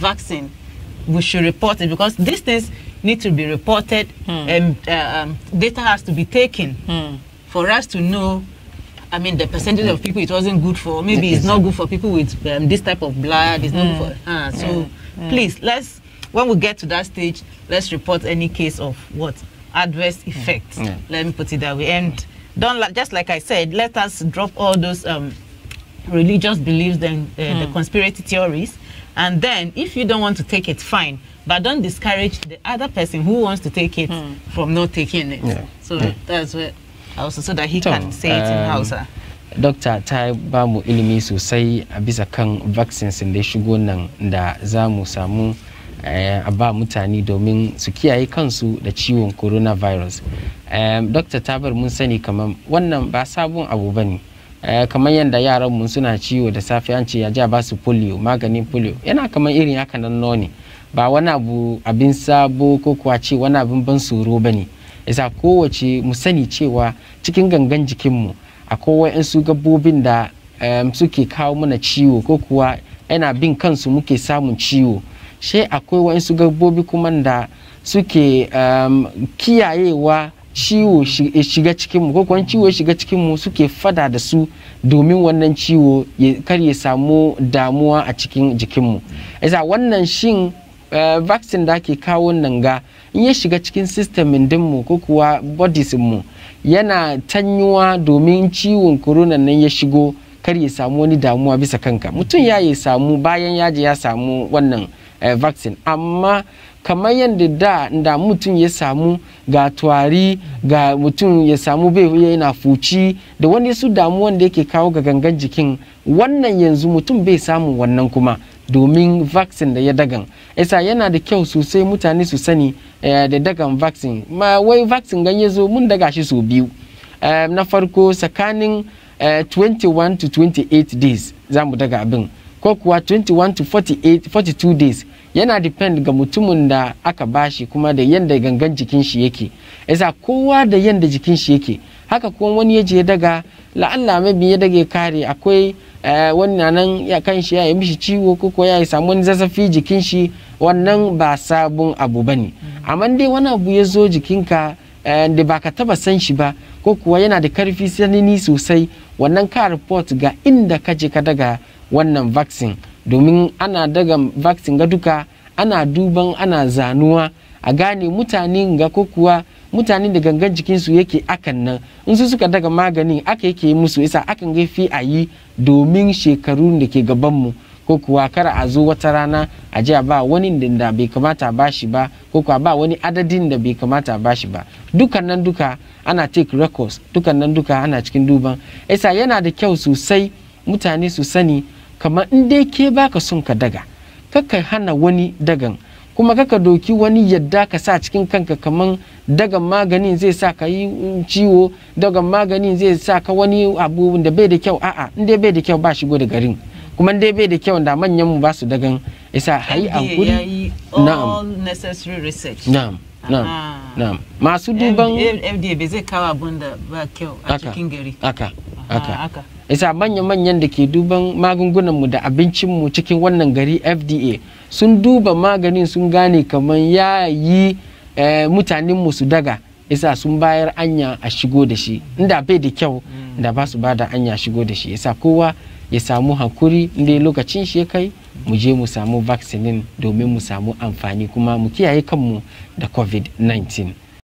vaccine, we should report it because these things need to be reported hmm. and uh, um, data has to be taken hmm. for us to know. I mean, the percentage of hmm. people it wasn't good for. Maybe it's not good for people with um, this type of blood. It's not good for. Uh, so please, let's when we get to that stage, let's report any case of what adverse effects. Let me put it that way. And don't just like I said, let us drop all those um, religious beliefs and uh, mm. the conspiracy theories And then, if you don't want to take it, fine. But don't discourage the other person who wants to take it mm. from not taking it. Yeah. So mm. that's what also so that he Tom, can say it in um, Hausa. Dokta ta bamu mu ilimi sosai a bisa kan vaccines da shigo nan da za mu samu eh, a ba mutane domin su kiyaye kansu da ciwon coronavirus. Um, Dokta ta bar mun sani kamar wannan ba sabon abu ba ne. Eh, kamar yadda yaran mu suna ciwo da safe an ce ya ja basu polio maganin polio yana kamar irin haka nan ne ba wani abu abin sabo ko kuwa ce wani abin ban tsoro ba ne isa kowace mu sani cewa cikin gangan jikinmu akwai su gabobin da suke kawo mana ciwo ko kuwa yana bin kansu muke samun ciwo sai akwai wa'insu gabobi kuma da suke kiyayewa ciwo shiga cikin mu ko kuma ciwo shiga cikin mu suke fada da su domin wannan ciwo kar ya samu damuwa a cikin jikin mu isa wannan shin eh, vaccine da ake kawo nan ga in ya shiga cikin system din mu ko kuwa bodies mu yana tanyuwa domin ciwon corona nan ya shigo kar ya samu wani damuwa bisa kanka mutum ya yi samu bayan yaji ya samu wannan eh, vaccine amma kamar yadda da da mutum ya samu ga tuwari ga mutum ya samu bai yana fuci da wani su damu wanda yake kawo ga gangan jikin wannan yanzu mutum bai samu wannan kuma domin vaccine da ya dagan isa yana da kyau sosai mutane su sani eh, da dagan vaccine ma wai vaccine ganye zo mun daga shi sau biyu eh, na farko tsakanin 21 eh, to 28 days za mu daga abin ko kuwa 21 to 42 days yana depend ga mutumin da aka bashi kuma da yadda gangan jikin shi yake yasa kowa da yadda jikin shi yake haka kuma wani ya je daga la'alla mabi ya dage kare akwai eh, wani nan ya kan shi ya yi mishi ciwo ko ya yi samu wani zazzafi jikin shi wannan ba sabon abu bane mm. amma dai wani abu ya zo jikinka eh, da ba ka taba san shi ba ko kuwa yana da karfi sanini sosai wannan ka report ga inda ka je ka daga wannan vaccine domin ana daga vaccine ga duka ana duban ana zanuwa a gane mutane ga ko mutane da gangan jikinsu yake akan nan in su suka daga maganin aka yake musu isa akan ga fi a yi domin shekaru da ke gabanmu ko kuwa kara a zo wata rana a jiya ba wani da bai kamata ba shi ba ko kuwa ba wani adadin da bai kamata ba shi ba dukan nan duka ana take records dukan nan duka ana cikin duban isa yana da kyau sosai mutane su sani kamar in dai ke baka son ka daga kaka hana wani dagan kuma kaka doki wani yadda ka sa cikin kanka kamar dagan maganin zai sa ka yi ciwo dagan maganin zai sa ka wani abu da bai da kyau a'a in dai bai da kyau ba shigo da garin kuma dai bai da kyau da manyan mu ba su dagan isa hayi an na'am na'am na'am ah. na'am masu duban FDA bai zai kawo abun da ba kyau a cikin gari haka isa ah, manya-manyan da ke duban magungunanmu da abincinmu cikin wannan gari fda sun duba maganin sun gane kamar ya yi eh, mutanenmu su daga isa sun bayar anya a shigo da shi inda bai da kyau mm. da ba su ba da anya shigo da shi isa kowa ya samu hakuri inda lokacin shi ya kai mu je mu samu vaccinin domin mu samu amfani kuma mu kiyaye kanmu da covid-19